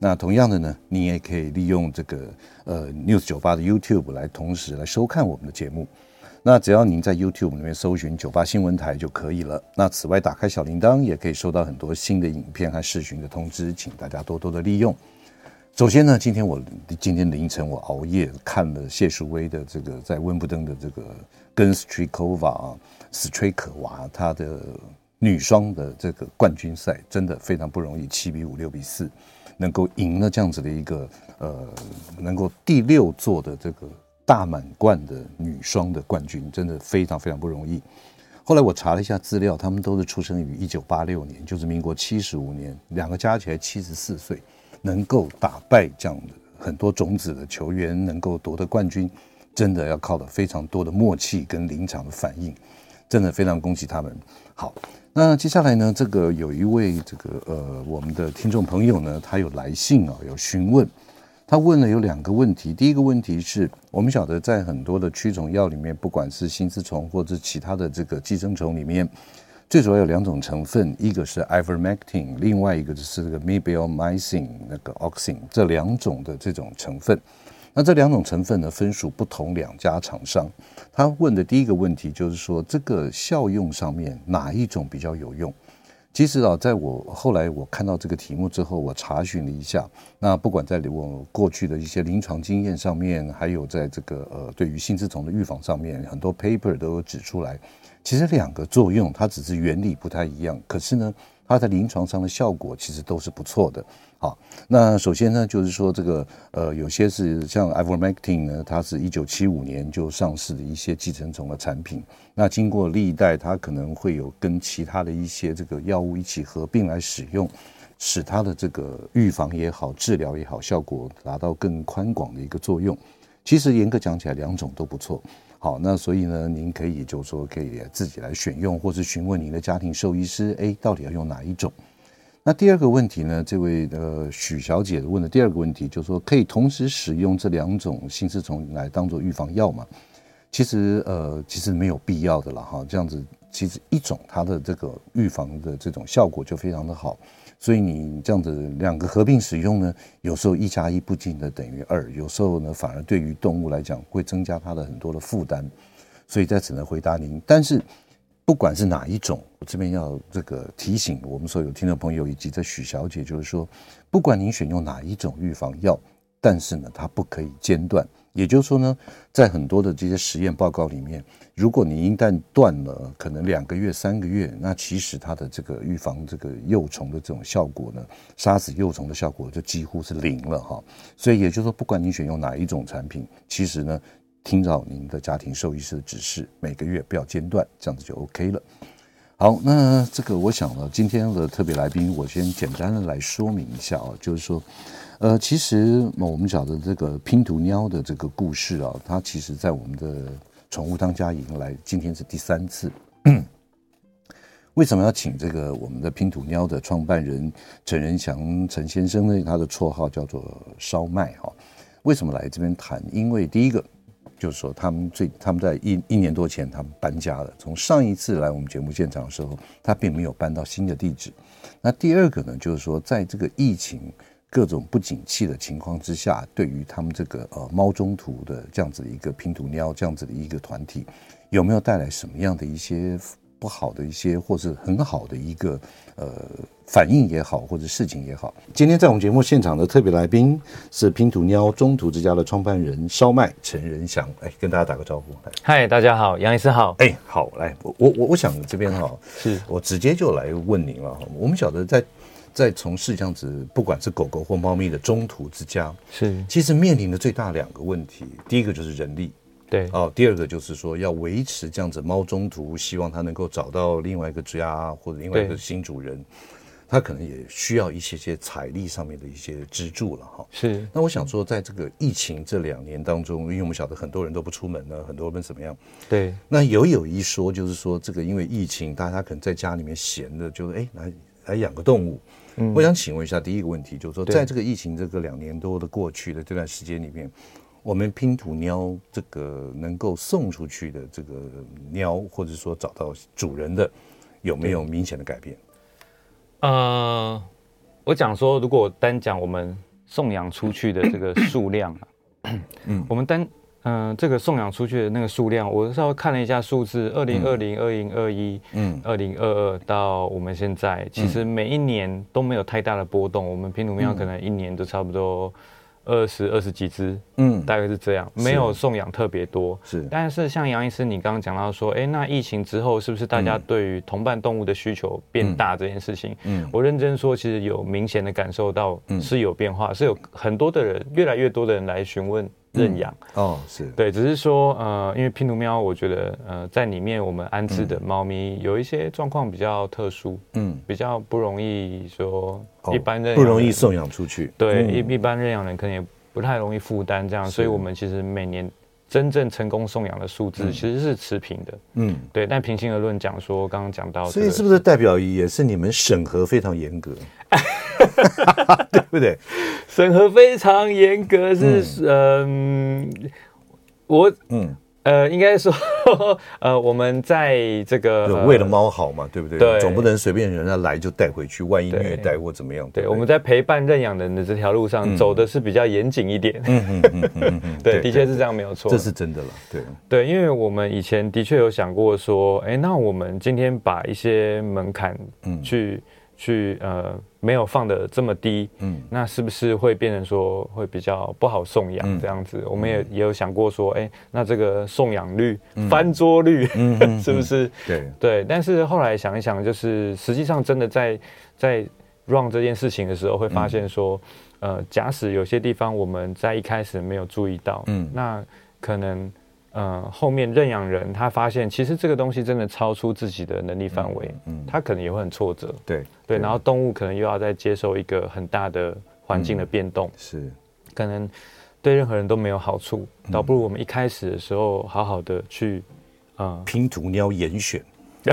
那同樣的呢，您也可以利用這個呃 News 九八的 YouTube 來同時來收看我們的節目。那只要您在 YouTube 裡面搜尋“九八新聞台”就可以了。那此外，打開小鈴鐺也可以收到很多新的影片和視訊的通知，請大家多多的利用。首先呢，今天我今天凌晨我熬夜看了謝淑薇的這個在溫布登的這個跟 Strycova 啊 Strycova 她的女雙的這個冠軍賽，真的非常不容易，七比五、六比四。能夠贏了這樣子的一個，呃，能夠第六座的這個大滿貫的女雙的冠軍，真的非常非常不容易。後來我查了一下資料，他們都是出生於一九八六年，就是民國七十五年，兩個加起來七十四歲，能夠打敗這樣的很多種子的球員，能夠奪得冠軍，真的要靠的非常多的默契跟臨場的反應。真的非常恭喜他們。好，那接下來呢，這個有一位這個呃，我們的聽眾朋友呢，他有來信啊、哦，有詢問。他問了有兩個問題。第一個問題是我們曉得在很多的驅蟲藥裡面，不管是心絲蟲或者是其他的這個寄生蟲裡面，最主要有兩種成分，一個是 ivermectin，另外一個就是這個 milbemycin 那個 oxime 這兩種的這種成分。那這兩種成分呢，分屬不同兩家廠商。他問的第一個問題就是說，這個效用上面哪一種比較有用？其實啊，在我後來我看到這個題目之後，我查詢了一下。那不管在我過去的一些臨床經驗上面，還有在這個呃對於心絲蟲的預防上面，很多 paper 都有指出來，其實兩個作用它只是原理不太一樣，可是呢，它在臨床上的效果其實都是不錯的。好，那首先呢，就是說這個呃，有些是像 Avermectin 呢，它是一九七五年就上市的一些寄生蟲的產品。那經過歷代，它可能會有跟其他的一些這個藥物一起合併來使用，使它的這個預防也好、治療也好，效果達到更寬廣的一個作用。其實嚴格講起來，兩種都不錯。好，那所以呢，您可以就是說可以自己來選用，或是詢問您的家庭獸醫師，哎，到底要用哪一種？那第二個問題呢，這位呃許小姐問的第二個問題，就是說可以同時使用這兩種心絲蟲來當做預防藥嗎？其實呃，其實沒有必要的了哈。這樣子，其實一種它的這個預防的這種效果就非常的好。所以你這樣子兩個合併使用呢，有時候一加一不見得等於二，有時候呢反而對於動物來講會增加它的很多的負擔，所以在此呢回答您。但是不管是哪一種，我這邊要這個提醒我們所有聽眾朋友以及在許小姐，就是說，不管您選用哪一種預防藥，但是呢它不可以間斷。也就是說呢，在很多的這些實驗報告裡面，如果你一旦斷了，可能兩個月、三個月，那其實它的這個預防這個幼蟲的這種效果呢，殺死幼蟲的效果就幾乎是零了哈。所以也就是說，不管你選用哪一種產品，其實呢，聽到您的家庭獸醫師的指示，每個月不要間斷，這樣子就 OK 了。好，那這個我想呢，今天的特別來賓，我先簡單的來說明一下啊，就是說，呃，其實我們講的這個拼圖喵的這個故事啊，它其實，在我們的寵物當家以來，今天是第三次 。為什麼要請這個我們的拼圖喵的創辦人陳人祥陳先生呢？他的綽號叫做燒賣啊，為什麼來這邊談？因為第一個。就是說，他們最，他們在一一年多前，他們搬家了。從上一次來我們節目現場的時候，他並沒有搬到新的地址。那第二個呢，就是說，在這個疫情各種不景氣的情況之下，對於他們這個呃貓中途的這樣子的一個拼圖喵這樣子的一個團體，有沒有帶來什麼樣的一些？不好的一些，或是很好的一個，呃，反應也好，或者事情也好。今天在我們節目現場的特別來賓是拼圖喵中途之家的創辦人燒賣陳人祥，哎、欸，跟大家打個招呼。嗨，Hi, 大家好，楊醫師好。哎、欸，好，來，我我我，我想這邊哈，喔、是我直接就來問您了。我們曉得在在從事這樣子，不管是狗狗或貓咪的中途之家，是其實面臨的最大兩個問題，第一個就是人力。對哦，第二個就是說要維持這樣子貓中途，希望它能夠找到另外一個家或者另外一個新主人，它對可能也需要一些些財力上面的一些支柱了哈、哦。是，那我想說，在這個疫情這兩年當中，因為我們曉得很多人都不出門呢，很多人怎麼樣？對，那有有一說就是說，這個因為疫情，大家可能在家裡面閒的、就是，就哎來來養個動物。嗯，我想請問一下第一個問題，就是說在這個疫情這個兩年多的過去的這段時間裡面。對嗯我們拼圖喵這個能夠送出去的這個喵，或者說找到主人的，有沒有明顯的改變？呃，我講說，如果單講我們送養出去的這個數量，咳咳咳，我們單嗯、呃、這個送養出去的那個數量，我稍微看了一下數字，二零二零、二零二一、二零二二到我們現在，其實每一年都沒有太大的波動。我們拼圖喵可能一年都差不多、嗯。二十二十幾隻，嗯，大概是這樣，沒有送養特別多，是。但是像楊醫師，你剛剛講到說，哎、欸，那疫情之後是不是大家對於同伴動物的需求變大這件事情？嗯，我認真說，其實有明顯的感受到是有變化，嗯、是有很多的人，越來越多的人來詢問。認養、嗯、哦，是對，只是說呃，因為拼圖喵，我覺得呃，在裡面我們安置的貓咪有一些狀況比較特殊，嗯，比較不容易說一般認養、哦。不容易送養出去，對，嗯、一一般認養人可能也不太容易負擔這樣，嗯、所以我們其實每年真正成功送養的數字其實是持平的。嗯，嗯，對。但平心而論講說，剛剛講到，所以是不是代表也是你們審核非常嚴格？ 對不對？審核非常嚴格是嗯，呃、我嗯。呃，應該說，呃，我們在這個為了貓好嘛，呃、對不對？對，總不能隨便人家來就帶回去，萬一虐待或怎麼樣？對,對,對,對，我們在陪伴認養人的這條路上走的是比較嚴謹一點。嗯嗯嗯嗯，對，對的確是這樣，沒有錯。這是真的了，對對，因為我們以前的確有想過說，哎，那我們今天把一些門檻去，嗯、去去呃。沒有放得這麼低，嗯，那是不是會變成說會比較不好送養這樣子？嗯、我們也、嗯、也有想過說，哎、欸，那這個送養率、嗯、翻桌率，嗯、 是不是？對對。但是後來想一想，就是實際上真的在在 run 這件事情的時候，會發現說，嗯、呃，假使有些地方我們在一開始沒有注意到，嗯，那可能。嗯、呃，後面認養人他發現，其實這個東西真的超出自己的能力範圍，嗯，嗯，他可能也會很挫折，對對，對，然後動物可能又要再接受一個很大的環境的變動，嗯，是，可能對任何人都沒有好處，嗯，倒不如我們一開始的時候好好的去、嗯呃，拼圖喵，要嚴選。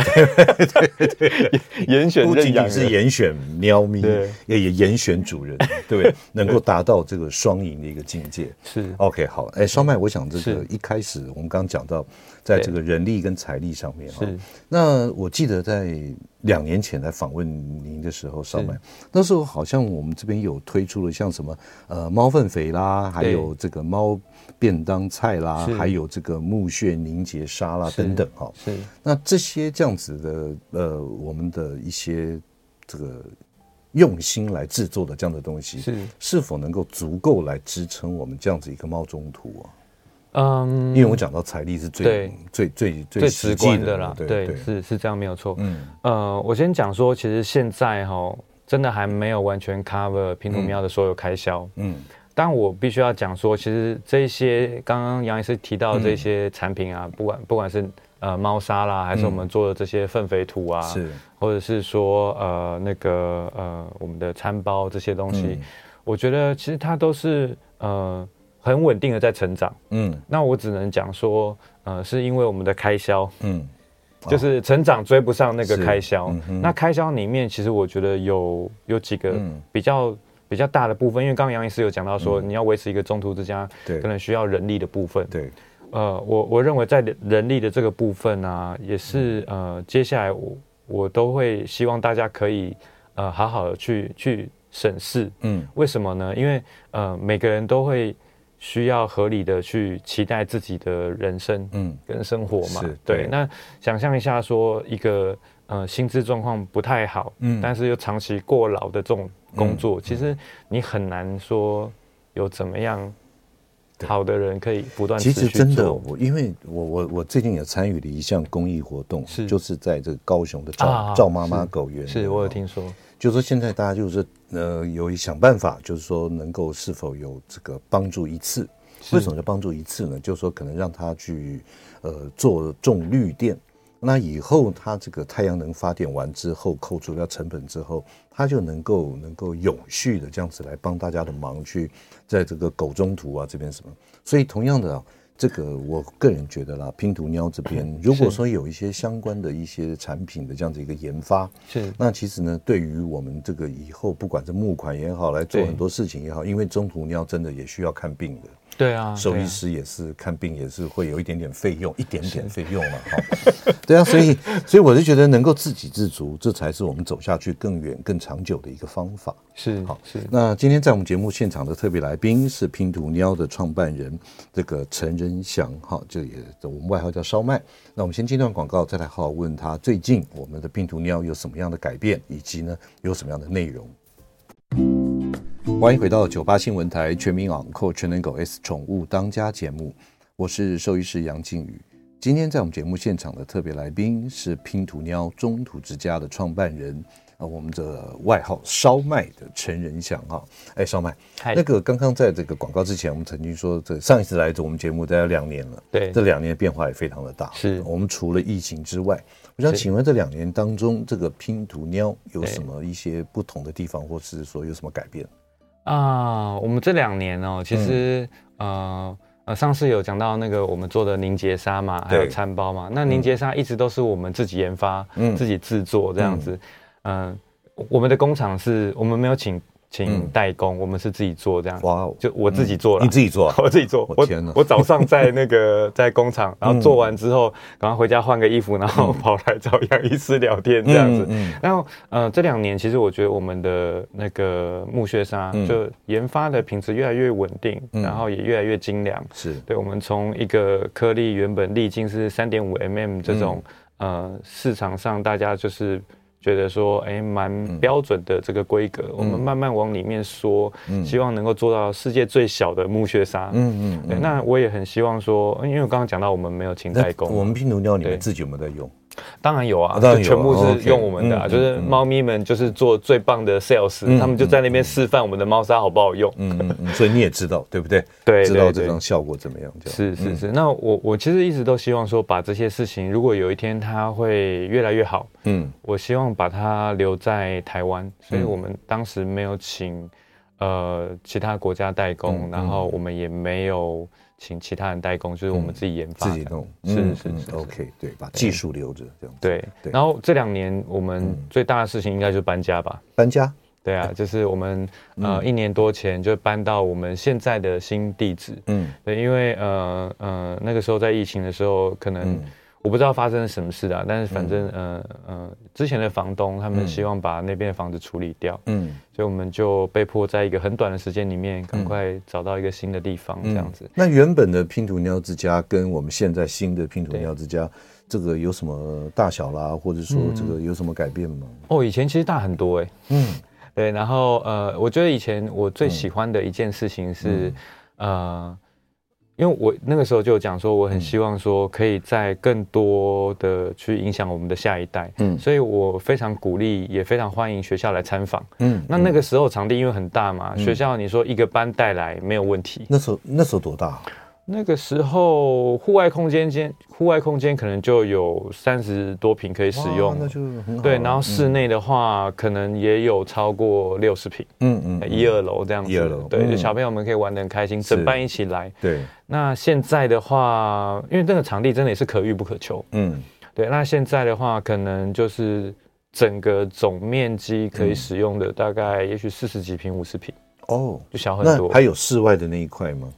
對對對，嚴選不僅僅是嚴選喵咪，也對也嚴選主人，對對，能夠達到這個雙贏的一個境界。是 OK，好，哎、欸，燒麥，我想這個是一開始我們剛剛講到，在這個人力跟財力上面，對哦、是。那我記得在兩年前來訪問您的時候，燒是麥，那時候好像我們這邊有推出了像什麼呃貓糞肥啦，還有這個貓。便當菜啦，是還有這個木屑凝結沙啦等等、喔、是。是那這些這樣子的呃，我們的一些這個用心來制作的這樣的東西，是是否能夠足夠來支撐我們這樣子一個貓中途啊？嗯，因為我講到財力是最對最最最實際的,的啦，對，是對是這樣沒有錯。嗯，呃，我先講說，其實現在哈，真的還沒有完全 cover 拼圖喵的所有開銷、嗯，嗯。但我必須要講說，其實這些剛剛楊醫師提到的這些產品啊，嗯、不管不管是呃貓砂啦，還是我們做的這些糞肥土啊，嗯、是或者是說呃那個呃我們的餐包這些東西，嗯、我覺得其實它都是呃很穩定的在成長。嗯，那我只能講說，呃，是因為我們的開銷，嗯，哦、就是成長追不上那個開銷。嗯、那開銷裡面，其實我覺得有有幾個比較。比較大的部分，因為剛剛楊醫師有講到說，嗯、你要維持一個中途之家，對可能需要人力的部分。對，呃，我我認為在人力的這個部分呢、啊，也是、嗯、呃，接下來我我都會希望大家可以呃，好好的去去審視。嗯，為什麼呢？因為呃，每個人都會需要合理的去期待自己的人生，嗯，跟生活嘛。嗯、是。對。對，那想象一下，說一個呃，薪資狀況不太好，嗯，但是又長期過勞的這種。工作其實你很難說有怎麼樣好的人可以不斷持續做其實真的，我因為我我我最近也參與了一項公益活動，是就是在這個高雄的趙、啊、好好趙媽媽狗園。是，我有聽說，哦、就是、說現在大家就是呃，有想辦法，就是說能夠是否有這個幫助一次？是為什麼叫幫助一次呢？就是說可能讓他去呃做種綠電。那以後它這個太陽能發電完之後扣除掉成本之後，它就能夠能夠永續的這樣子來幫大家的忙去，在這個狗中途啊這邊什麼，所以同樣的啊，這個我個人覺得啦，拼圖喵這邊如果說有一些相關的一些產品的這樣子一個研發，是，那其實呢，對於我們這個以後不管是募款也好來做很多事情也好，因為中途喵真的也需要看病的。對啊，獸醫師也是看病也是會有一點點費用，啊、一點點費用嘛、啊、哈是、哦。對啊，所以所以我就覺得能夠自給自足，這才是我們走下去更遠更長久的一個方法。是好是。哦、是，那今天在我們節目現場的特別來賓是拼圖喵的創辦人，這個陳人祥哈、哦，就也就我們外號叫燒麥。那我們先進段廣告，再來好好問他最近我們的拼圖喵有什麼樣的改變，以及呢有什麼樣的內容。歡迎回到九八新聞台《全民養購全能狗 S 寵物當家》節目，我是獸醫師楊靜宇。今天在我們節目現場的特別來賓是拼圖喵中途之家的創辦人，啊，我們的外號燒麥的陳人祥啊。哎，燒麥，那個剛剛在這個廣告之前，我們曾經說，這上一次來這我們節目大概兩年了，對，這兩年的變化也非常的大。是我們除了疫情之外，我想請問這兩年當中，這個拼圖喵有什麼一些不同的地方，或是說有什麼改變？啊，我們這兩年哦、喔，其實呃、嗯、呃，上次有講到那個我們做的凝結砂嘛，還有餐包嘛，對那凝結砂一直都是我們自己研發、嗯、自己制作這樣子，嗯、嗯、呃，我們的工廠是我們沒有請，請代工，我們是自己做這樣子，就我自己做了。你自己做，我自己做。我天哪！我早上在那個在工廠，然後做完之後，趕快回家換個衣服，然後跑來找楊醫師聊天這樣子。然後呃，這兩年其實我覺得我們的那個木屑砂就研發的品質越來越穩定，然後也越來越精良。是。對，我們從一個顆粒原本粒徑是三點五 mm 這種呃市場上大家就是。覺得說，哎、欸，蠻標準的這個規格。嗯、我們慢慢往裡面縮，嗯、希望能夠做到世界最小的木屑砂。嗯嗯，嗯，那我也很希望說，因為我剛剛講到我們沒有請代工，我們拼圖喵你們自己有沒有在用？當然有啊，全部是用我們的啊，就是貓咪們就是做最棒的 sales，他們就在那邊示範我們的貓砂好不好用。嗯，所以你也知道，對不對？對，知道這種效果怎麼樣？是是是。那我我其實一直都希望說，把這些事情，如果有一天它會越來越好，嗯，我希望把它留在台灣，所以我們當時沒有請呃其他國家代工，然後我們也沒有。請其他人代工，就是我們自己研發、嗯，自己弄，嗯、是是是、是、嗯嗯、OK，對，把技術留着這樣。對、對，然後這兩年我們最大的事情應該就是搬家吧。搬家、嗯，對啊，就是我們、嗯、呃一年多前就搬到我們現在的新地址。嗯，對，因為呃呃那個時候在疫情的時候可能、嗯。我不知道發生了什麼事啊，但是反正、嗯、呃呃，之前的房東他們希望把那邊的房子處理掉，嗯，所以我們就被迫在一個很短的時間裡面、嗯，趕快找到一個新的地方，這樣子、嗯。那原本的拼圖喵之家跟我們現在新的拼圖喵之家對，這個有什麼大小啦，或者說這個有什麼改變嗎？嗯、哦，以前其實大很多哎、欸，嗯，對，然後呃，我覺得以前我最喜歡的一件事情是、嗯嗯、呃。因為我那個時候就講說，我很希望說，可以在更多的去影響我們的下一代。嗯，所以我非常鼓勵，也非常歡迎學校來參訪。嗯，那那個時候場地因為很大嘛，嗯，學校你說一個班帶來沒有問題。那時候那時候多大、啊？那個時候，戶外空間、間戶外空間可能就有三十多平可以使用，那就很好。對，然後室內的話，可能也有超過六十平，嗯嗯，一二樓這樣子。一二樓，對，嗯、就小朋友們可以玩得很開心，是整班一起來。對。那現在的話，因為那個場地真的也是可遇不可求，嗯，對。那現在的話，可能就是整個總面積可以使用的大概也許，也許四十幾平、五十平，哦，就小很多。還有室外的那一塊嗎？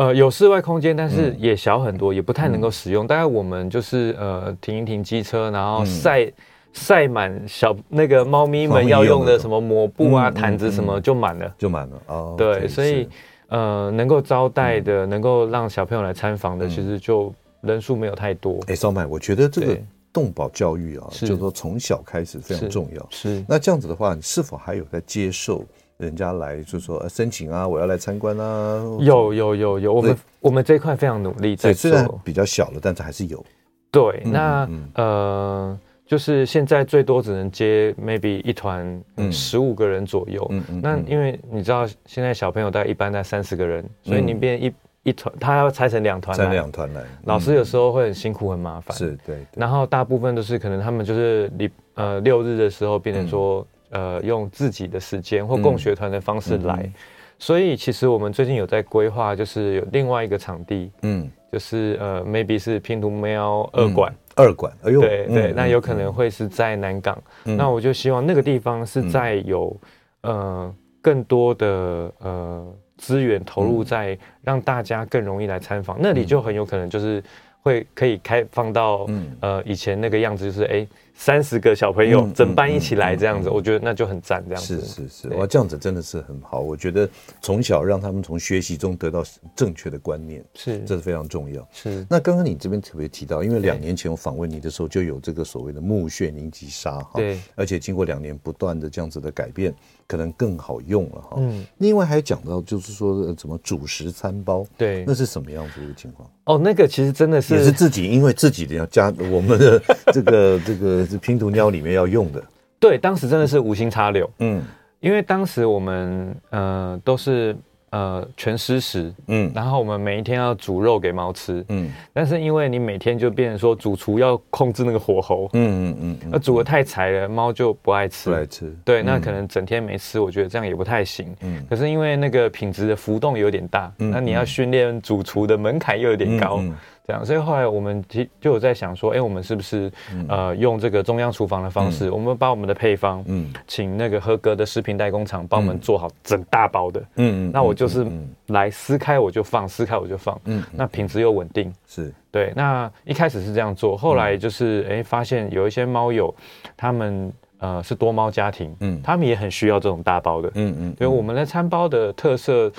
呃，有室外空間，但是也小很多，也不太能夠使用。大概我們就是呃，停一停機車，然後塞塞滿小那個貓咪們要用的什麼抹布啊、毯子，什麼就滿了，就滿了。啊。對，所以呃，能夠招待的，能夠讓小朋友來參訪的，其實就人數沒有太多。哎，燒賣，我覺得這個動保教育啊，就是說從小開始非常重要。是，那這樣子的話，你是否還有在接受？人家來就說申請啊，我要來參觀啊。有有有有對我，我們我們這一塊非常努力。對，雖然比較小了，但是還是有。對，那、嗯嗯、呃，就是現在最多只能接 maybe 一團十五個人左右。嗯嗯。嗯嗯嗯，那因為你知道，現在小朋友大概一般在三十個人，所以你變一、嗯、一團，他要拆成兩團。拆兩團來，兩團來嗯、老師有時候會很辛苦，很麻煩。是對。對，然後大部分都是可能他們就是你呃六日的時候，變成說。嗯呃，用自己的時間或共學團的方式來，嗯嗯、所以其實我們最近有在規劃，就是有另外一個場地，嗯，就是呃，maybe 是拼圖喵二館，二館，哎呦，對對，那有可能會是在南港，嗯、那我就希望那個地方是在有、嗯、呃更多的呃資源投入在讓大家更容易來參訪，嗯、那裡就很有可能就是。會可以開放到、嗯、呃以前那個樣子，就是哎三十個小朋友整班一起來這樣子，嗯嗯嗯嗯、我覺得那就很讚這樣子。是是是，哇對這樣子真的是很好。我覺得從小讓他們從學習中得到正確的觀念，是這是非常重要。是，那剛剛你這邊特別提到，因為兩年前我訪問你的時候就有這個所謂的“墓穴凝積沙”哈，對，而且經過兩年不斷的這樣子的改變。可能更好用了哈。嗯，另外還講到就是說什麼主食餐包，對，那是什麼樣子的情況？哦，那個其實真的是也是自己，因為自己的要加我們的 這個這個拼圖喵裡面要用的。對，當時真的是無心插柳，嗯，因為當時我們呃都是。呃，全濕食，嗯，然後我們每一天要煮肉給貓吃，嗯，但是因為你每天就變成說，主廚要控制那個火候，嗯嗯嗯，那、嗯嗯、煮得太柴了，嗯、貓就不愛吃，不愛吃，對，嗯、那可能整天沒吃，我覺得這樣也不太行，嗯，可是因為那個品質的浮動有點大，嗯、那你要訓練主廚的門檻又有點高。嗯嗯嗯。所以後來我們就有在想說，哎，我們是不是呃用這個中央廚房的方式，我們把我們的配方，請那個合格的食品代工廠幫我們做好整大包的。嗯嗯。那我就是來撕開我就放，撕開我就放。嗯嗯。那品質又穩定。是。對。那一開始是這樣做，後來就是哎發現有一些貓友，他們呃是多貓家庭，嗯，他們也很需要這種大包的。嗯嗯。因為我們的餐包的特色。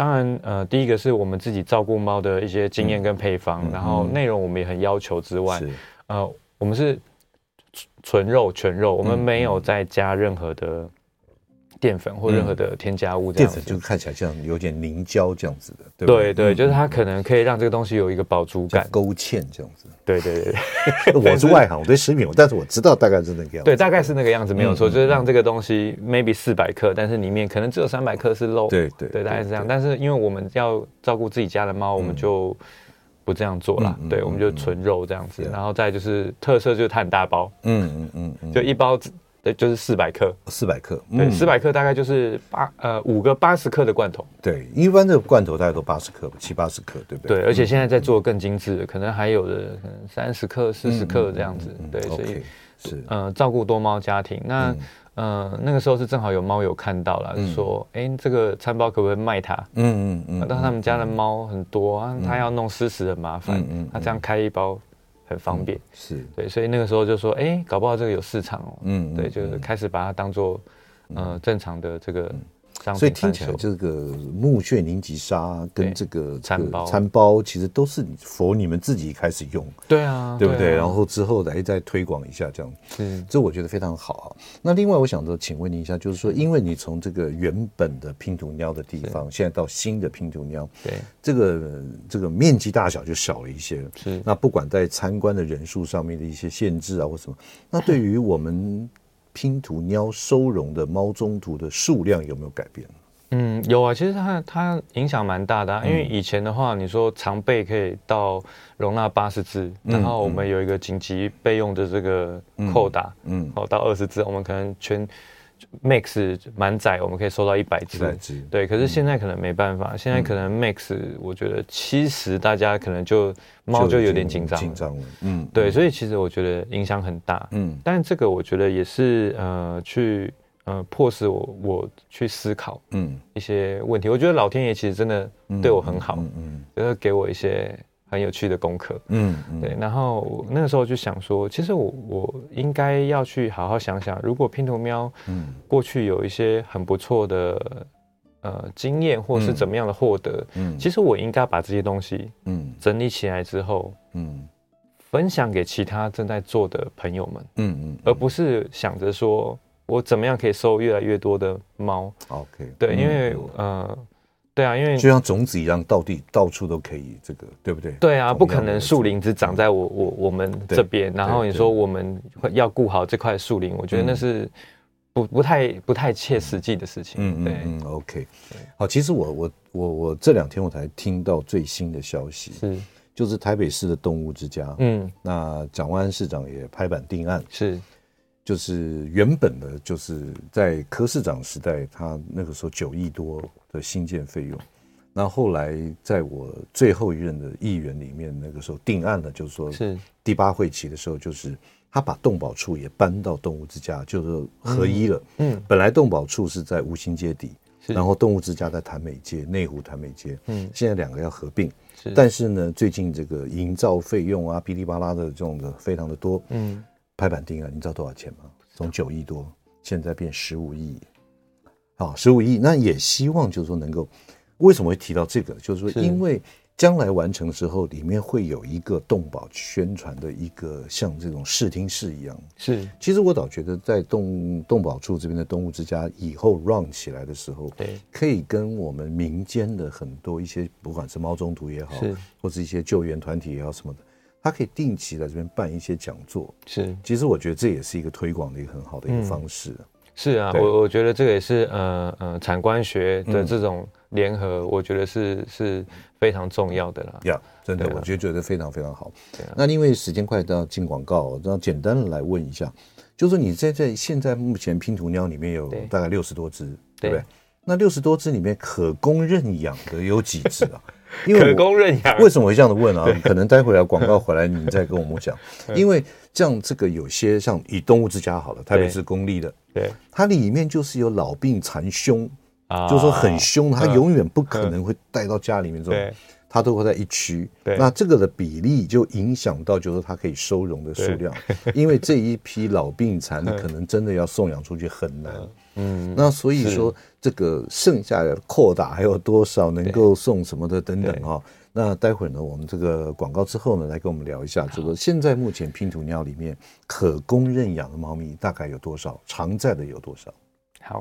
當然，呃，第一個是我們自己照顧貓的一些經驗跟配方，嗯嗯嗯、然後內容我們也很要求之外，是呃，我們是純肉全肉，嗯、我們沒有再加任何的。澱粉或任何的添加物這樣子。澱粉就看起來像有點凝膠這樣子的，對對對，就是它可能可以讓這個東西有一個飽足感，勾芡這樣子，對對對，我是外行，我對食品，但是我知道大概是那個樣子，對，大概是那個樣子沒有錯，就是讓這個東西 maybe 四百克，但是裡面可能只有三百克是肉，對對對，大概是這樣，但是因為我們要照顧自己家的貓，我們就不這樣做啦，對，我們就純肉這樣子，然後再就是特色就是它很大包，嗯嗯嗯，就一包。對，就是四百克，四百克，對，四百克大概就是八呃五個八十克的罐頭。對，一般的罐頭大概都八十克，七八十克，對不對？對，而且現在在做更精緻，可能還有的可能三十克、四十克這樣子。對，所以是呃照顧多貓家庭。那呃那個時候是正好有貓友看到了，說：“哎，這個餐包可不可以賣它？”嗯嗯嗯，但他們家的貓很多啊，它要弄濕食很麻煩。嗯那這樣開一包。很方便，嗯、是對，所以那個時候就說，哎、欸，搞不好這個有市場哦，嗯，嗯對，就是開始把它當做，呃、嗯，正常的這個。嗯所以聽起來，這個木屑、凝集砂跟這個餐包，其實都是佛你們自己開始用，對啊，對不對？然後之後來再推廣一下，這樣，嗯，這我覺得非常好啊。那另外，我想說請問您一下，就是說，因為你從這個原本的拼圖喵的地方，現在到新的拼圖喵，對，這個這個面積大小就小了一些是，那不管在參觀的人數上面的一些限制啊，或什麼，那對於我們。拼圖喵收容的貓中途的數量有沒有改變？嗯，有啊，其實它它影響蠻大的、啊，因為以前的話，你說常備可以到容納八十只，嗯、然後我們有一個緊急備用的這個扣打，嗯，哦、嗯，到二十只，我們可能全。Max 滿載，我們可以收到一百隻。一百隻，對。可是現在可能沒辦法，嗯、現在可能 Max，我覺得七十大家可能就貓就有點緊張，緊張了，嗯，嗯對。所以其實我覺得影響很大，嗯。但這個我覺得也是呃，去呃，迫使我我去思考嗯一些問題。嗯、我覺得老天爺其實真的對我很好，嗯，就是、嗯嗯、給我一些。很有趣的功課，嗯，嗯，對。然後那個時候就想說，其實我我應該要去好好想想，如果拼圖喵，嗯，過去有一些很不錯的，嗯，呃經驗，或是怎麼樣的獲得，嗯，嗯，其實我應該把這些東西，嗯，整理起來之後，嗯，分享給其他正在做的朋友們，嗯嗯，嗯嗯而不是想着說我怎麼樣可以收越來越多的貓，OK，嗯，對，嗯，因為，嗯，呃。對啊，因為就像種子一樣，到地到處都可以，這個對不對？對啊，不可能樹林只長在我我我們這邊，然後你說我們會要顧好這塊樹林，我覺得那是不不太不太切實際的事情。嗯嗯，OK，好，其實我我我我這兩天我才聽到最新的消息，是就是台北市的動物之家，嗯，那蔣萬安市長也拍板定案，是。就是原本的，就是在柯市長時代，他那個時候九億多的興建費用，那後來在我最後一任的議員裡面，那個時候定案了，就是說第八會期的時候，就是他把動保處也搬到動物之家，就是說合一了。嗯，本來動保處是在吳興街底，然後動物之家在潭美街內湖潭美街，嗯，現在兩個要合併，但是呢，最近這個營造費用啊，劈哩啪啦的這種的非常的多，嗯。拍板定了、啊，你知道多少錢嗎？從九億多，現在變十五億，啊、哦，十五億。那也希望就是說能夠，為什麼會提到這個？就是說，因為將來完成之後，裡面會有一個動保宣傳的一個像這種視聽室一樣。是，其實我倒覺得，在動動保處這邊的動物之家以後 run 起來的時候，對，可以跟我們民間的很多一些，不管是貓中途也好，是，或是一些救援團體也好什麼的。.他可以定期在這邊辦一些講座，是。其實我覺得這也是一個推廣的一個很好的一個方式。嗯、是啊，對我我覺得這個也是呃呃產官學的這種聯合，嗯、我覺得是是非常重要的啦。呀，yeah, 真的，啊、我覺得，覺得非常非常好。啊、那因為時間快到，進廣告，那簡單的來問一下，就是你在在現在目前拼圖喵裡面有大概六十多隻，對，對不對？那六十多隻裡面可供認養的有幾隻啊？ 因為我為什麼會這樣的問啊？可能待會兒廣告回來，你再跟我們講。因為這樣，這個有些像以動物之家好了，特別是公立的，對，它裡面就是有老病殘凶，就是說很凶，它永遠不可能會帶到家裡面住，它都會在一區。那這個的比例就影響到，就是它可以收容的數量，因為這一批老病殘可能真的要送養出去很難。嗯，那所以說這個剩下的擴大還有多少能夠送什麼的等等啊、哦？那待會呢，我們這個廣告之後呢，來跟我們聊一下這個現在目前拼圖喵裡面可供認養的貓咪大概有多少，常在的有多少？好，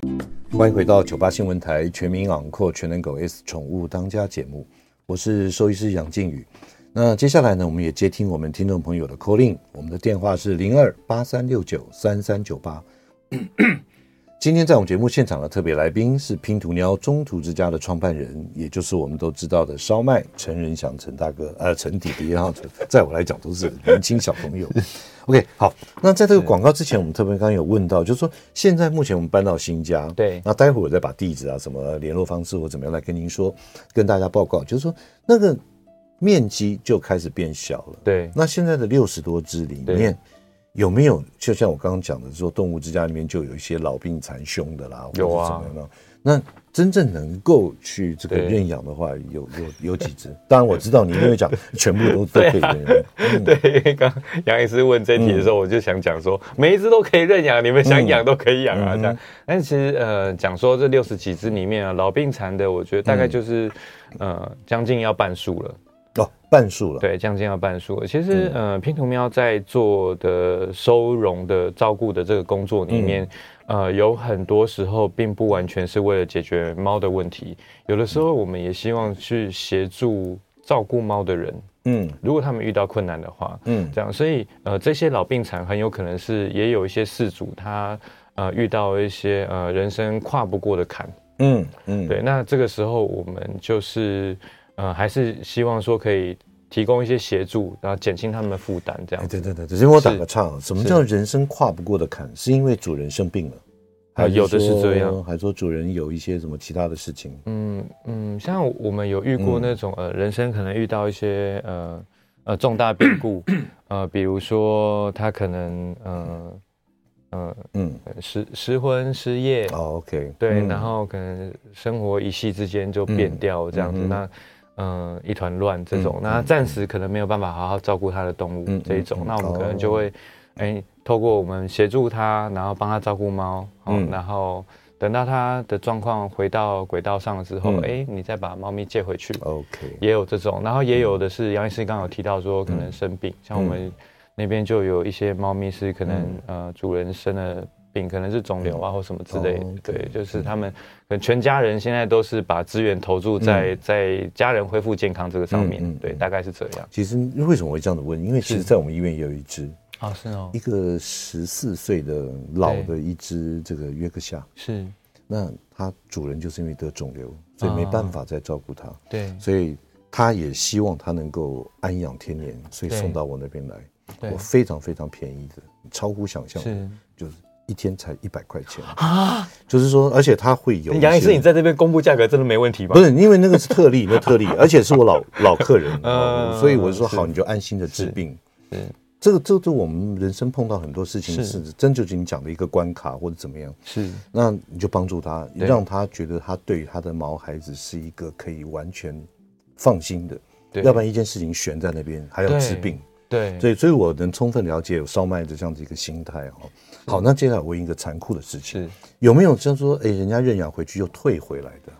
歡迎回到九八新聞台全民昂闊全能狗 S 寵物當家節目，我是獸醫師楊靜宇。那接下來呢，我們也接聽我們聽眾朋友的 call in，我們的電話是零二八三六九三三九八。今天在我們節目現場的特別來賓是拼圖喵中途之家的創辦人，也就是我們都知道的燒賣，陳人祥、陳大哥，呃，陳弟弟哈， 在我來講都是年輕小朋友。 OK，好，那在這個廣告之前，我們特別剛剛有問到，就是說現在目前我們搬到新家，對，那待會兒我再把地址啊、什麼聯絡方式或怎麼樣來跟您說，跟大家報告，就是說那個面積就開始變小了，對，那現在的六十多隻裡面。有沒有就像我剛剛講的說，說動物之家裡面就有一些老病殘凶的啦，有啊。那真正能夠去這個認養的話，對有有有幾隻？當然我知道你因為講全部都都可以，認養對剛、啊、楊、嗯、醫師問這題的時候，我就想講說、嗯、每一隻都可以認養，你們想養都可以養啊。嗯、這樣但其實呃，講說這六十幾隻裡面啊，嗯、老病殘的，我覺得大概就是、嗯、呃，將近要半數了。哦，半數了。對，將近要半數了。其實，呃，拼圖喵在做的收容的照顧的這個工作裡面，嗯，呃，有很多時候並不完全是為了解決貓的問題，有的時候我們也希望去協助照顧貓的人。嗯，如果他們遇到困難的話，嗯，這樣，所以，呃，這些老病殘很有可能是也有一些事主他，呃，遇到一些，呃，人生跨不過的坎。嗯嗯，嗯對，那這個時候我們就是。呃，還是希望說可以提供一些協助，然後減輕他們的負擔，這樣、欸。對對對，只是我打個岔，是什麼叫人生跨不過的坎？是，是因為主人生病了，呃、有的是這樣，還說主人有一些什麼其他的事情。嗯嗯，像我們有遇過那種、嗯、呃，人生可能遇到一些呃，呃重大變故，呃，比如說他可能呃呃嗯失失婚失業、哦。OK。對，嗯、然後可能生活一夕之間就變掉這樣子，嗯嗯嗯、那。嗯、呃，一團亂這種，嗯、那暫時可能沒有辦法好好照顧他的動物這一種，嗯嗯、那我們可能就會，哎了、欸，透過我們協助他，然後幫他照顧貓，嗯、然後等到他的狀況回到軌道上了之後，哎、嗯欸，你再把貓咪接回去。OK，、嗯、也有這種，然後也有的是楊醫師剛剛有提到說，可能生病，嗯、像我們那邊就有一些貓咪是可能、嗯、呃主人生了。病可能是腫瘤啊，或什麼之類的。對，就是他們可能全家人現在都是把資源投注在在家人恢復健康這個上面。對，大概是這樣。其實為什麼我會這樣子問？因為其實在我們醫院也有一隻啊，是哦，一個十四歲的老的一隻這個約克夏。是，那它主人就是因為得腫瘤，所以沒辦法再照顧它。對，所以他也希望他能夠安養天年，所以送到我那邊來。對。我非常非常便宜的，超乎想象的，就是。一天才一百塊錢啊，就是說，而且他會有楊醫生，你在這邊公布價格真的沒問題吧？不是，因為那個是特例，那特例，而且是我老老客人， 嗯嗯、所以我就說好，你就安心的治病。嗯，這個，這這我們人生碰到很多事情是，真就是你講的一個關卡或者怎麼樣是，那你就幫助他，讓他覺得他對他的毛孩子是一個可以完全放心的，要不然一件事情懸在那邊，還要治病。對 對，所以所以我能充分了解燒賣的這樣的一個心態哦。好，那接下來我問一個殘酷的事情：有沒有，就是說，哎，人家認養回去又退回來的？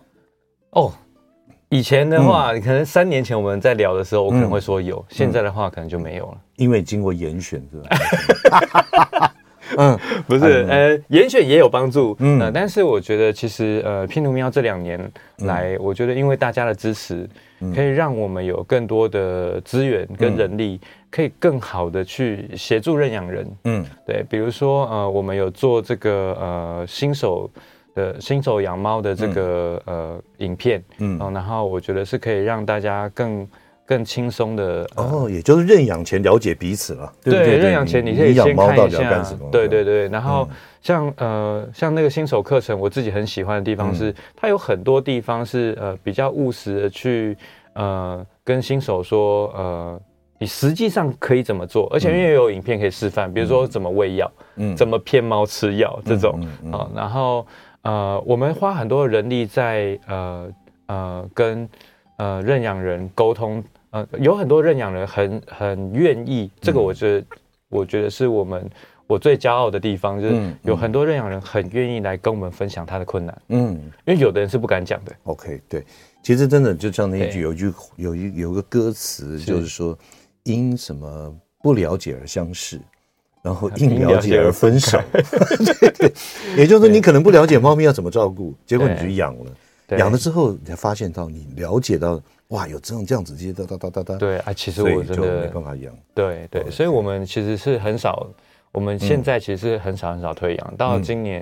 哦，以前的話，可能三年前我們在聊的時候，我可能會說有；現在的話，可能就沒有了。因為經過嚴選，是吧？嗯，不是，呃，嚴選也有幫助，嗯，但是我覺得其實，呃，拼圖喵這兩年來，我覺得因為大家的支持。可以讓我們有更多的資源跟人力，嗯、可以更好的去協助認養人。嗯，對，比如說，呃，我們有做這個呃新手的、新手養貓的這個、嗯、呃影片，嗯、呃，然後我覺得是可以讓大家更更輕鬆的。哦，呃、也就是認養前了解彼此了。對，對，認對養前你可以先看一下。對對對，然後。嗯像呃，像那個新手課程，我自己很喜歡的地方是，嗯、它有很多地方是呃比較務實的去呃跟新手說，呃，你實際上可以怎麼做，而且因為有影片可以示範，嗯、比如說怎麼餵藥、嗯嗯，嗯，怎麼騙貓吃藥這種，啊，然後呃，我們花很多人力在呃呃跟呃認養人溝通，呃，有很多認養人很很願意，這個我覺得、嗯、我覺得是我們。我最驕傲的地方就是有很多認養人很願意來跟我們分享他的困難，嗯，因為有的人是不敢講的。OK，對，其實真的就像那一句，有一句，有一有一個歌詞，就是說因什麼不了解而相識，然後因了解而分手。對對，也就是說你可能不了解貓咪要怎麼照顧，結果你就養了，養了之後你才發現到你了解到哇，有這樣這樣子，這些噠噠噠噠。對啊，其實我就沒辦法養。對對，所以我們其實是很少。我們現在其實很少很少退養，嗯、到今年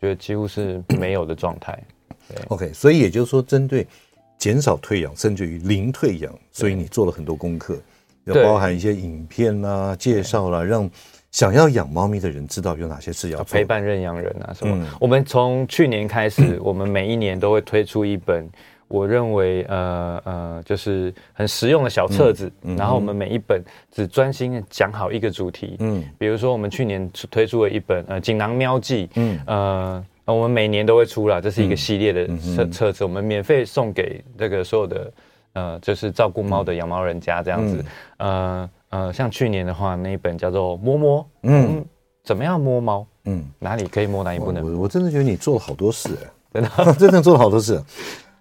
覺得幾乎是沒有的狀態。嗯、對 OK，所以也就是說，針對減少退養，甚至於零退養，對所以你做了很多功課，要包含一些影片啊、對介紹啦、啊、讓想要養貓咪的人知道有哪些事要做，陪伴認養人啊什麼。嗯、我們從去年開始，我們每一年都會推出一本。我認為，呃呃，就是很實用的小冊子。嗯嗯、然後我們每一本只專心講好一個主題。嗯，比如說我們去年推出了一本《呃錦囊喵記》。嗯，呃，我們每年都會出了，這是一個系列的冊冊子，嗯嗯嗯、我們免費送給這個所有的呃，就是照顧貓的養貓人家這樣子。嗯嗯、呃呃，像去年的話，那一本叫做《摸摸》，嗯，嗯怎麼樣摸貓？嗯，哪裡可以摸，嗯、哪裡不能摸？我我真的覺得你做了好多事、欸，真的， 真的做了好多事。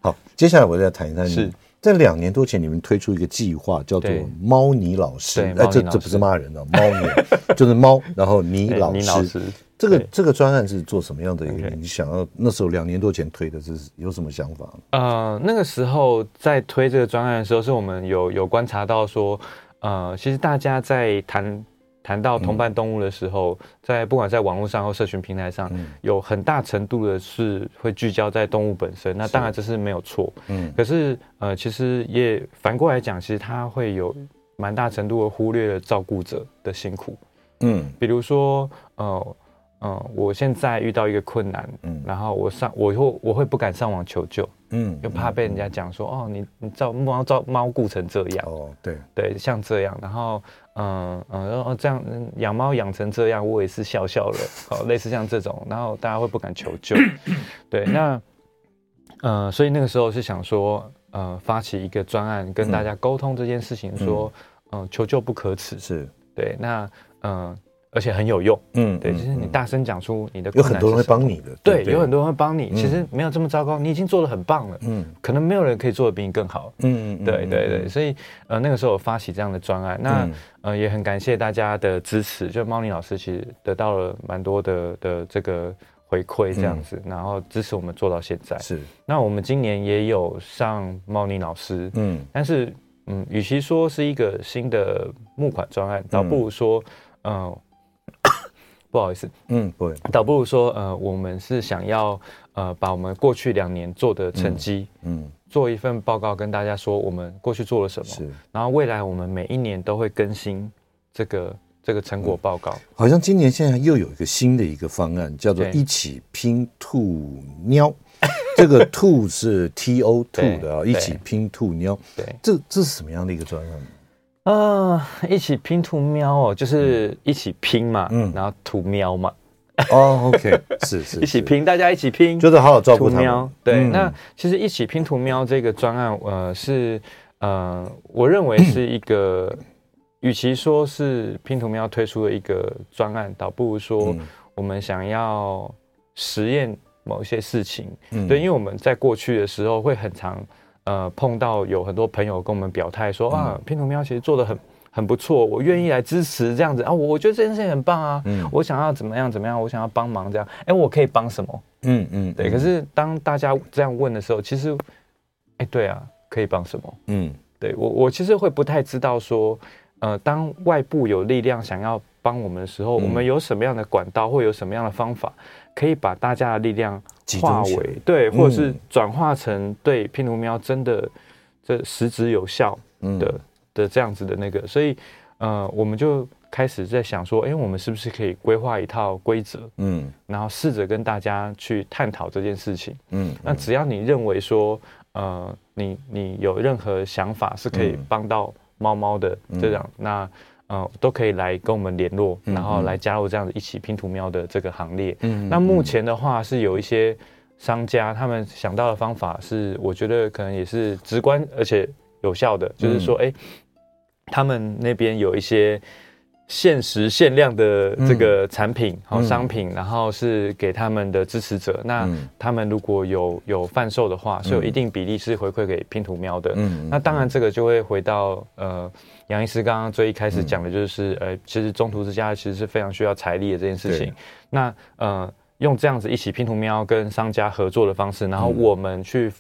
好，接下來我再談一談是在兩年多前，你們推出一個計劃，叫做“貓你老師”，對哎，欸、這這不是罵人的貓你 就是貓，然後你老師，老師這個這個專案是做什麼樣的一個？對你想要那時候兩年多前推的，是有什麼想法？呃，那個時候在推這個專案的時候，是我們有有觀察到說，呃，其實大家在談。談到同伴動物的時候，嗯、在不管在網絡上或社群平台上，嗯、有很大程度的是會聚焦在動物本身，是那當然這是沒有錯。嗯，可是呃，其實也反過來講，其實它會有蠻大程度的忽略了照顧者的辛苦。嗯，比如說呃嗯、呃，我現在遇到一個困難，嗯，然後我上我我我會不敢上網求救，嗯，嗯又怕被人家講說、嗯嗯、哦你你照貓照貓顧成這樣哦，對對，像這樣，然後。嗯嗯，然、嗯、後、哦、這樣養貓養成這樣，我也是笑笑的，好、哦、類似像這種，然後大家會不敢求救， 對，那嗯、呃，所以那個時候是想說，嗯、呃，發起一個專案跟大家溝通這件事情，說，嗯、呃，求救不可恥，是對，那嗯。呃而且很有用，嗯，對，就是你大聲講出你的、嗯嗯，有很多人會幫你的，對，對，對，對，有很多人會幫你。其實沒有這麼糟糕，你已經做的很棒了，嗯，可能沒有人可以做的比你更好，嗯，嗯對對對，所以呃，那個時候我發起這樣的專案，那、嗯、呃也很感謝大家的支持，就貓尼老師其實得到了蠻多的的這個回饋這樣子，嗯、然後支持我們做到現在是。那我們今年也有上貓尼老師，嗯，但是嗯，與其說是一個新的募款專案，倒不如說嗯。呃不好意思，嗯，對，倒不如說，呃，我們是想要，呃，把我們過去兩年做的成績，嗯，嗯做一份報告跟大家說，我們過去做了什麼，是然後未來我們每一年都會更新這個這個成果報告、嗯。好像今年現在又有一個新的一個方案，叫做“一起拼兔喵”，對這個“兔”是 T O 兔的啊、哦，“一起拼兔喵”，對，這這是什麼樣的一個專案？啊、哦！一起拼圖喵哦，就是一起拼嘛，嗯，然後圖喵嘛，哦，OK，是是，是，一起拼，大家一起拼，就是好好照顧喵。對，嗯、那其實一起拼圖喵這個專案，呃，是呃，我認為是一個，與 其說是拼圖喵推出的一個專案，倒不如說我們想要實驗某一些事情。嗯、對，因為我們在過去的時候會很常。呃，碰到有很多朋友跟我們表態說、嗯、啊，拼圖喵其實做的很很不錯，我願意來支持這樣子啊，我我覺得這件事情很棒啊，嗯，我想要怎麼樣怎麼樣，我想要幫忙這樣，哎、欸，我可以幫什麼？嗯嗯，嗯對。可是當大家這樣問的時候，其實，哎、欸，對啊，可以幫什麼？嗯，對我我其實會不太知道說，呃，當外部有力量想要幫我們的時候，嗯、我們有什麼樣的管道或有什麼樣的方法，可以把大家的力量化為、嗯、對，或者是轉化成對，拼圖喵真的這實質有效的、嗯、的這樣子的那個，所以呃，我們就開始在想說，哎、欸，我們是不是可以規劃一套規則，嗯，然後試着跟大家去探討這件事情，嗯，嗯，那只要你認為說，呃，你你有任何想法是可以幫到貓貓的這樣，嗯嗯、那。嗯、呃，都可以來跟我們聯絡，然後來加入這樣子一起拼圖喵的這個行列。嗯，那目前的話是有一些商家，他們想到的方法是，我覺得可能也是直觀而且有效的，嗯、就是說，哎、欸，他們那邊有一些限時限量的這個產品好、嗯、商品，然後是給他們的支持者。嗯、那他們如果有有販售的話，是有一定比例是回饋給拼圖喵的。嗯，那當然這個就會回到呃。楊醫師剛剛最一開始講的就是，呃、嗯欸，其實中途之家其實是非常需要財力的這件事情。對，那呃，用這樣子一起拼圖喵跟商家合作的方式，然後我們去、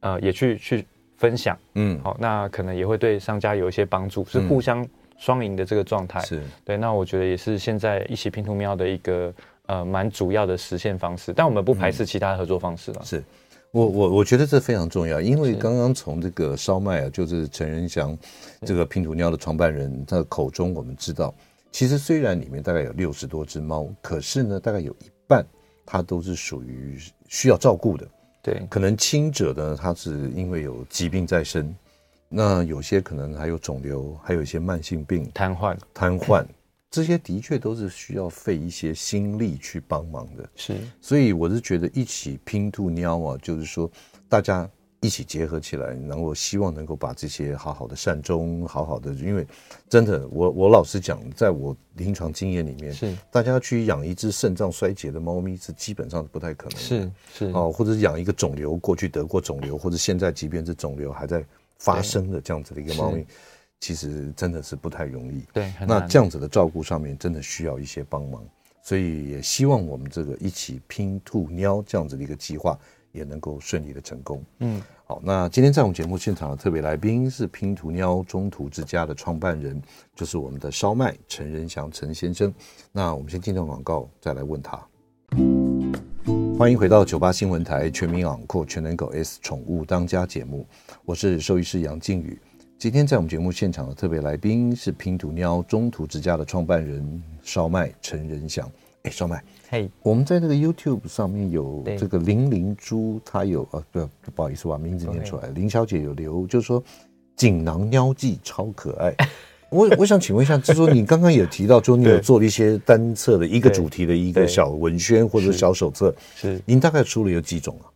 嗯、呃也去去分享，嗯，好、哦，那可能也會對商家有一些幫助，是互相雙贏的這個狀態。是、嗯、對，那我覺得也是現在一起拼圖喵的一個呃蠻主要的實現方式，但我們不排斥其他合作方式了，嗯、是。我我我覺得這非常重要，因為剛剛從這個燒賣啊，是就是陳人祥這個拼圖喵的創辦人，對他口中我們知道，其實雖然裡面大概有六十多隻貓，可是呢，大概有一半它都是屬於需要照顧的。對，可能輕者呢，它是因為有疾病在身，那有些可能還有腫瘤，還有一些慢性病癱、癱瘓瘓，癱瘓。這些的確都是需要費一些心力去幫忙的，是，所以我是覺得一起拼圖喵啊，就是說大家一起結合起來，然後希望能夠把這些好好的善終，好好的，因為真的，我我老實講，在我臨床經驗裡面，是大家去養一隻腎臟衰竭的貓咪是基本上不太可能的是，是是啊、哦，或者養一個腫瘤，過去得過腫瘤，或者現在即便是腫瘤還在發生的對這樣子的一個貓咪。其實真的是不太容易，對，那這樣子的照顧上面真的需要一些幫忙，所以也希望我們這個一起拼圖喵這樣子的一個計劃也能夠順利的成功。嗯，好，那今天在我們節目現場的特別來賓是拼圖喵中途之家的創辦人，就是我們的燒賣陳人祥陳先生。那我們先進段廣告，再來問他。嗯、歡迎回到九八新聞台全民養擴全能狗 S 寵物當家節目，我是獸醫師楊靜宇。今天在我們節目現場的特別來賓是拼圖喵中途之家的創辦人燒賣陳人祥。哎、欸，燒賣，嘿，我們在這個 YouTube 上面有這個林玲珠，它，對有啊，不不好意思把名字念出來，對林小姐有留，就是說錦囊喵記超可愛。 我我想請問一下，就是說你剛剛有提到，就是你有做了一些單冊的一個主題的一個小文宣或者小手冊，是您大概出了有幾種啊？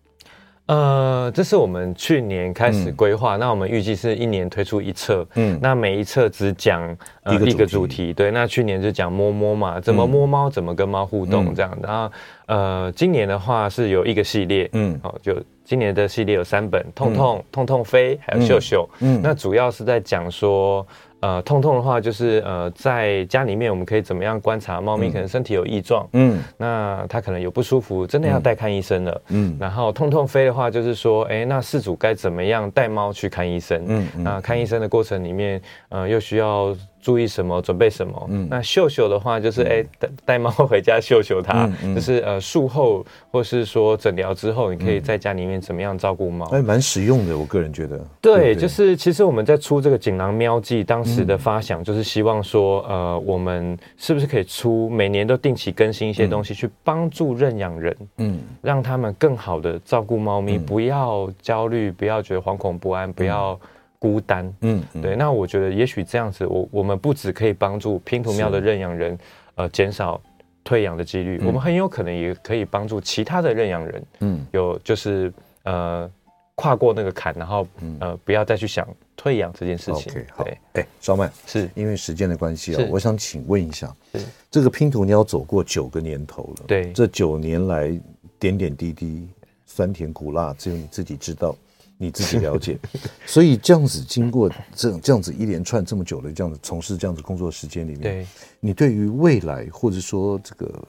呃，這是我們去年開始規劃，嗯、那我們預計是一年推出一冊，嗯，那每一冊只講、呃、一個主題，主題，對，那去年就講摸摸嘛，怎麼摸貓，嗯、怎麼跟貓互動這樣，然後呃，今年的話是有一個系列，嗯，好、哦，就今年的系列有三本，痛痛、嗯、痛痛飛還有秀秀，嗯，嗯，那主要是在講說。呃，痛痛的話，就是呃，在家裡面我們可以怎麼樣觀察貓咪可能身體有異狀，嗯，嗯，那它可能有不舒服，真的要帶看醫生了。嗯，嗯，然後痛痛飛的話，就是說，誒，欸，那飼主該怎麼樣帶貓去看醫生？嗯，嗯，那看醫生的過程裡面，呃，又需要。注意什麼？準備什麼？嗯，那秀秀的話就是，哎、嗯，帶帶貓回家秀秀它，嗯嗯、就是呃，術後或是說診療之後，你可以在家裡面怎麼樣照顧貓？哎、嗯，蠻、嗯嗯、實用的，我個人覺得。對，對對對，就是其實我們在出這個錦囊喵記，當時的發想就是希望說，呃，我們是不是可以出每年都定期更新一些東西，嗯、去幫助認養人，嗯，讓他們更好的照顧貓咪，嗯、不要焦慮，不要覺得惶恐不安，不要、嗯。孤單，嗯，對，那我覺得也許這樣子我，我我們不只可以幫助拼圖喵的認養人，是呃，減少退養的幾率，嗯、我們很有可能也可以幫助其他的認養人，嗯，有就是呃跨過那個坎，然後呃不要再去想退養這件事情。嗯、okay, 好，哎對，燒賣、欸，慢是因為時間的關係啊，是我想請問一下，對是。這個拼圖喵走過九個年頭了，對，這九年來點點滴滴酸甜苦辣，只有你自己知道。你自己了解， 所以這樣子經過這樣這樣子一連串這麼久的這樣子從事這樣子工作時間裡面，對，你對於未來或者說這個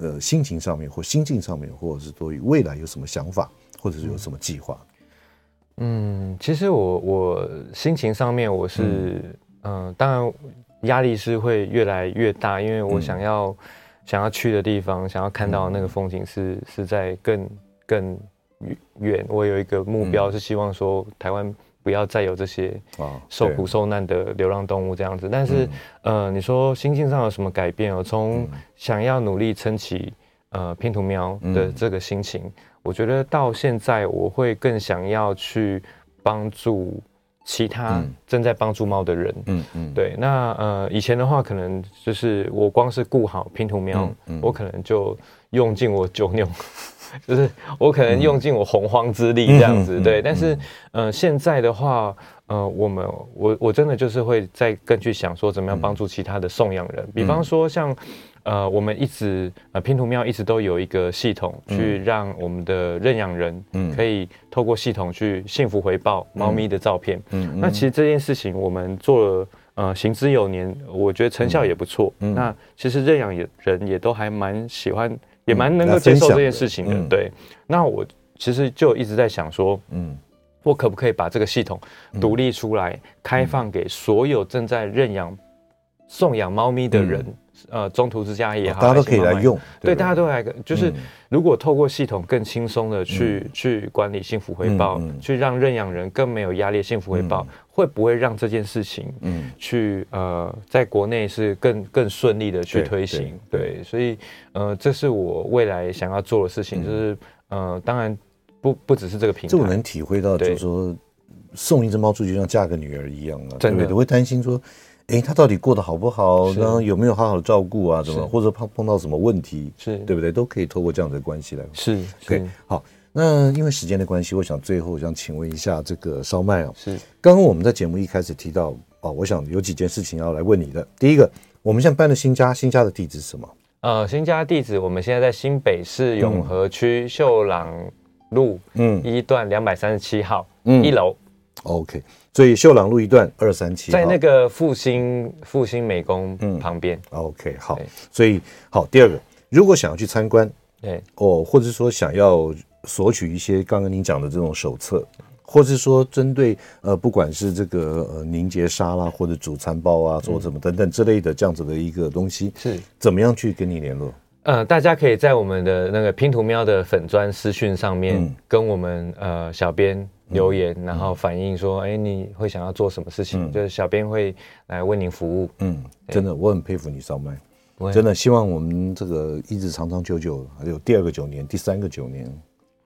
呃心情上面或心境上面或者是對於未來有什麼想法或者是有什麼計劃？嗯，其實我我心情上面我是嗯、呃，當然壓力是會越來越大，因為我想要、嗯、想要去的地方，想要看到的那個風景是、嗯、是在更更。遠，我有一個目標，嗯、是希望說台灣不要再有這些受苦受難的流浪動物這樣子。哦、但是，嗯、呃，你說心境上有什麼改變哦？我從想要努力撐起呃拼圖喵的這個心情，嗯、我覺得到現在我會更想要去幫助其他正在幫助貓的人。嗯嗯，嗯嗯對。那呃，以前的話，可能就是我光是顧好拼圖喵，嗯嗯、我可能就用盡我九。有。就是我可能用盡我洪荒之力這樣子對，但是嗯、呃，現在的話，呃，我們我我真的就是會再更去想說怎麼樣幫助其他的送養人，比方說像呃，我們一直呃拼圖喵一直都有一個系統去讓我們的認養人可以透過系統去幸福回報貓咪的照片。嗯，那其實這件事情我們做了呃行之有年，我覺得成效也不錯。嗯。那其實認養人也都還蠻喜歡。也蠻能夠接受這件事情的，嗯、對。那我其實就一直在想說，嗯，我可不可以把這個系統獨立出來，嗯、開放給所有正在認養、送養貓咪的人？嗯中途之家也好，大家都可以來用。對，大家都來，就是如果透過系統更輕鬆的去去管理幸福回報，去讓認養人更沒有壓力，幸福回報會不會讓這件事情去呃在國內是更更順利的去推行？對，所以呃，這是我未來想要做的事情，就是呃，當然不不只是這個平台，這我能體會到，就是說送一隻貓出去就像嫁個女兒一樣啊，對不對？都會擔心說。哎，他到底過得好不好呢？是然後有沒有好好的照顧啊？怎麼是或者碰碰到什麼問題？是，對不對？都可以透過這樣的關係來。是 OK Okay, 是好，那因為時間的關係，我想最後想請問一下這個燒賣哦。是，剛剛我們在節目一開始提到哦，我想有幾件事情要來問你的。第一個，我們現在搬了新家，新家的地址是什麼？呃，新家的地址我們現在在新北市永和區秀朗路、啊、嗯，一段兩百三十七號嗯，一樓。OK。所以秀朗路一段二三七，在那個復興復興美工旁邊、嗯。OK，好，對所以好第二個，如果想要去參觀，對哦，或者說想要索取一些剛剛您講的這種手冊，或者是說針對呃不管是這個、呃、凝結沙啦或者主餐包啊，做什麼等等之類的這樣子的一個東西，嗯、是怎麼樣去跟你聯絡？呃，大家可以在我們的那個拼圖喵的粉磚私訊上面跟我們、嗯、呃小編。留言，然後反映說：“哎，你會想要做什麼事情？”就是小編會來為您服務。嗯，真的，我很佩服你燒賣。真的，希望我們這個一直長長久久，還有第二個九年，第三個九年，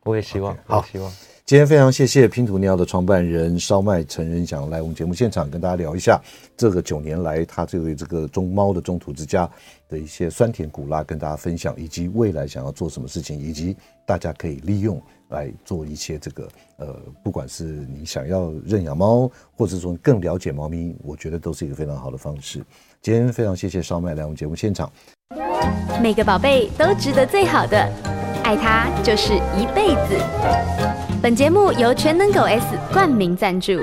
我也希望。好，希望。今天非常謝謝拼圖喵的創辦人燒賣陳人祥，想來我們節目現場，跟大家聊一下這個九年來他這位這個中貓的中途之家的一些酸甜苦辣，跟大家分享，以及未來想要做什麼事情，以及大家可以利用。來做一些這個，呃，不管是你想要認養貓，或者是說更了解貓咪，我覺得都是一個非常好的方式。今天非常謝謝燒賣來我們節目現場。每個寶貝都值得最好的，愛它就是一輩子。本節目由全能狗 S 冠名贊助。